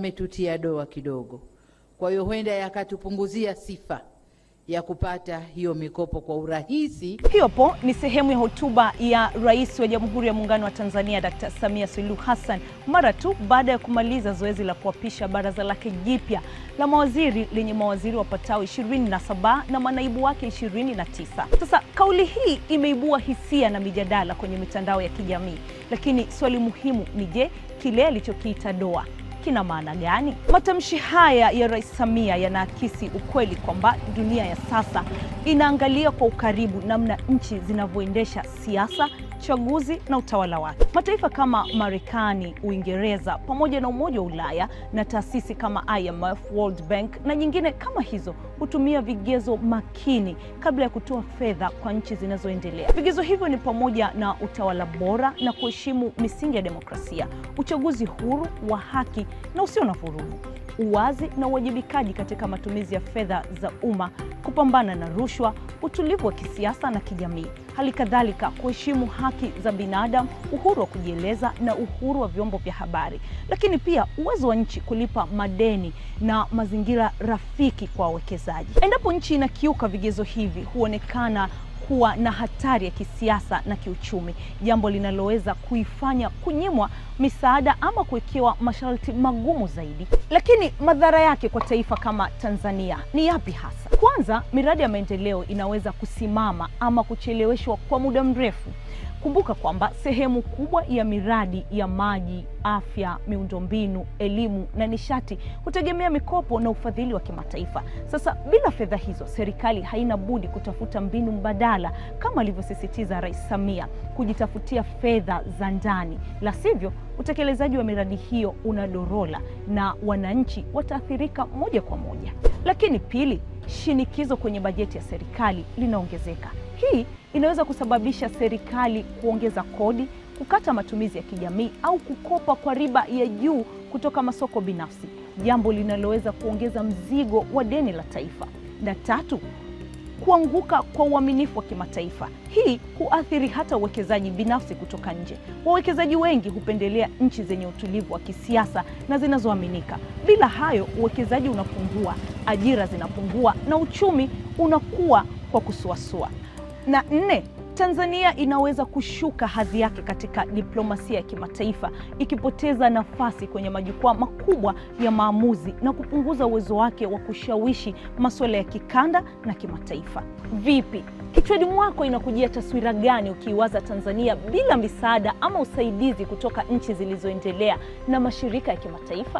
umetutia doa kidogo, kwa hiyo huenda yakatupunguzia sifa ya kupata hiyo mikopo kwa urahisi. Hiyopo ni sehemu ya hotuba ya Rais wa Jamhuri ya Muungano wa Tanzania Dr. Samia Suluhu Hassan mara tu baada ya kumaliza zoezi la kuapisha baraza lake jipya la mawaziri lenye mawaziri wapatao 27 na manaibu wake 29. Sasa kauli hii imeibua hisia na mijadala kwenye mitandao ya kijamii, lakini swali muhimu ni je, kile alichokiita doa kina maana gani? Matamshi haya ya Rais Samia yanaakisi ukweli kwamba dunia ya sasa inaangalia kwa ukaribu namna nchi zinavyoendesha siasa chaguzi na utawala wake. Mataifa kama Marekani, Uingereza pamoja na Umoja wa Ulaya na taasisi kama IMF, World Bank na nyingine kama hizo hutumia vigezo makini kabla ya kutoa fedha kwa nchi zinazoendelea. Vigezo hivyo ni pamoja na utawala bora na kuheshimu misingi ya demokrasia, uchaguzi huru wa haki na usio na vurugu uwazi na uwajibikaji katika matumizi ya fedha za umma, kupambana na rushwa, utulivu wa kisiasa na kijamii, hali kadhalika kuheshimu haki za binadamu, uhuru wa kujieleza na uhuru wa vyombo vya habari, lakini pia uwezo wa nchi kulipa madeni na mazingira rafiki kwa wawekezaji. Endapo nchi inakiuka vigezo hivi, huonekana kuwa na hatari ya kisiasa na kiuchumi, jambo linaloweza kuifanya kunyimwa misaada ama kuwekewa masharti magumu zaidi. Lakini madhara yake kwa taifa kama Tanzania ni yapi hasa? Kwanza, miradi ya maendeleo inaweza kusimama ama kucheleweshwa kwa muda mrefu. Kumbuka kwamba sehemu kubwa ya miradi ya maji afya, miundombinu, elimu na nishati hutegemea mikopo na ufadhili wa kimataifa. Sasa bila fedha hizo, serikali haina budi kutafuta mbinu mbadala, kama alivyosisitiza Rais Samia, kujitafutia fedha za ndani, la sivyo utekelezaji wa miradi hiyo unadorola na wananchi wataathirika moja kwa moja. Lakini pili, shinikizo kwenye bajeti ya serikali linaongezeka. Hii inaweza kusababisha serikali kuongeza kodi kukata matumizi ya kijamii au kukopa kwa riba ya juu kutoka masoko binafsi, jambo linaloweza kuongeza mzigo wa deni la taifa. Na tatu, kuanguka kwa uaminifu wa kimataifa. Hii huathiri hata uwekezaji binafsi kutoka nje. Wawekezaji wengi hupendelea nchi zenye utulivu wa kisiasa na zinazoaminika. Bila hayo, uwekezaji unapungua, ajira zinapungua na uchumi unakuwa kwa kusuasua. Na nne, Tanzania inaweza kushuka hadhi yake katika diplomasia ya kimataifa ikipoteza nafasi kwenye majukwaa makubwa ya maamuzi na kupunguza uwezo wake wa kushawishi masuala ya kikanda na kimataifa. Vipi? Kichwani mwako inakujia taswira gani ukiiwaza Tanzania bila misaada ama usaidizi kutoka nchi zilizoendelea na mashirika ya kimataifa?